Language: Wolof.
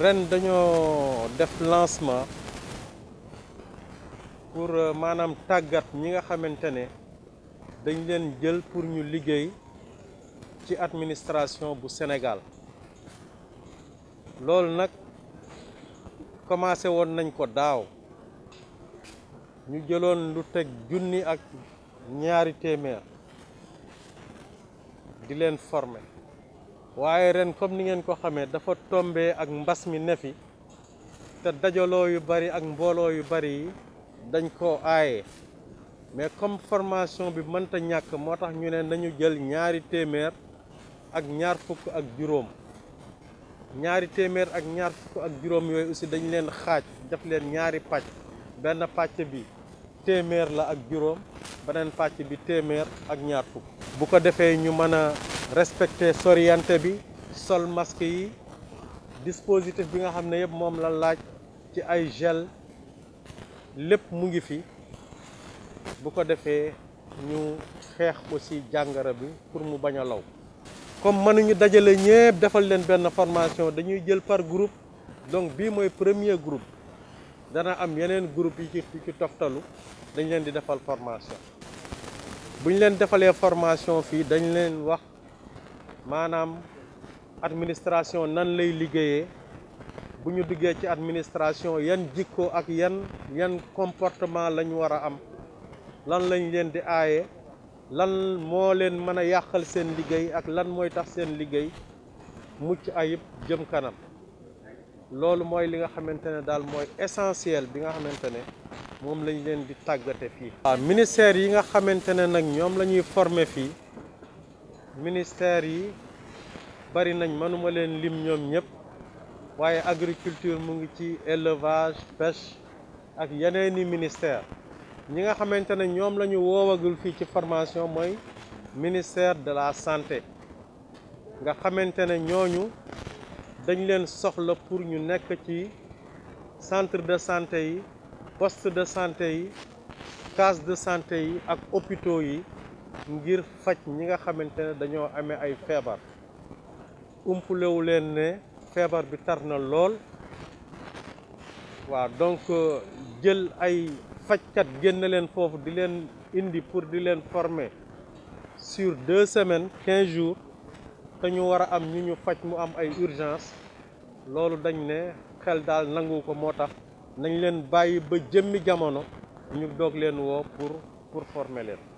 ren dañoo def lancement pour euh, manam tagat ñi nga xamante ne dañ leen jël pour ñu liggéey ci administration bu Sénégal loolu nag commencé woon nañ ko daaw ñu jëloon lu teg junni ak ñaari téeméer di leen former waaye ren comme ni ngeen ko xamee dafa tombee ak mbas mi nefi te dajaloo yu bari ak mbooloo yu bari yi dañ ko aaye mais comme formation bi mënta ñàkk moo tax ñu ne nañu jël ñaari téeméer ak ñaar fukk ak juróom ñaari téeméer ak ñaar fukk ak juróom yooyu aussi dañ leen xaaj def leen ñaari pàcc benn pàcc bi téeméer la ak juróom beneen pàcc bi téeméer ak ñaar fukk bu ko defee ñu mën a respecté soriante bi sol masque yi dispositif bi nga xamné ne mom la laaj ci ay gel lépp mu ngi fi bu ko défé ñu xeex aussi jangara bi pour mu baña law comme ñu dajalé ñëpp défal leen ben formation dañuy jël par groupe donc bi moy premier groupe dana am yenen groupe yi ci ci toftalu dañ leen di défal formation buñ leen défalé formation fi dañ leen wax maanaam administration nan lay liggéeyee bu ñu duggee ci administration yan jikko ak yan yan comportement lañ war a am lan lañ leen di aaye lan moo leen mën a yàqal seen liggéey ak lan mooy tax seen liggéey mucc ayib jëm kanam loolu mooy li nga xamante ne daal mooy essentiel bi nga xamante ne moom lañ leen di tàggate fii. waaw ministère yi nga xamante ne nag ñoom la ñuy former fii. ministère yi bari nañ mënuma leen lim ñoom ñëpp waaye agriculture mu ngi ci élevage pêche ak yeneen i ministère ñi nga xamante ne ñoom la ñu woowagul fii ci formation mooy ministère de la santé nga xamante ne ñooñu dañ leen soxla pour ñu nekk ci centre de santé yi poste de santé yi case de santé yi ak hôpitaux yi ngir faj ñi nga xamantene dañoo amé ay feebar umpulewu leen ne feebar bi tarna lool Wa donc euh, jël ay kat génn len fofu di len indi pour di len former sur deux semaines quinze jours te ñu wara am ñu ñu faj mu am ay urgence loolu dañ né xel dal nangu ko motax nañ len bayyi ba jëmmi jamono ñu dog leen wo pour pour former leen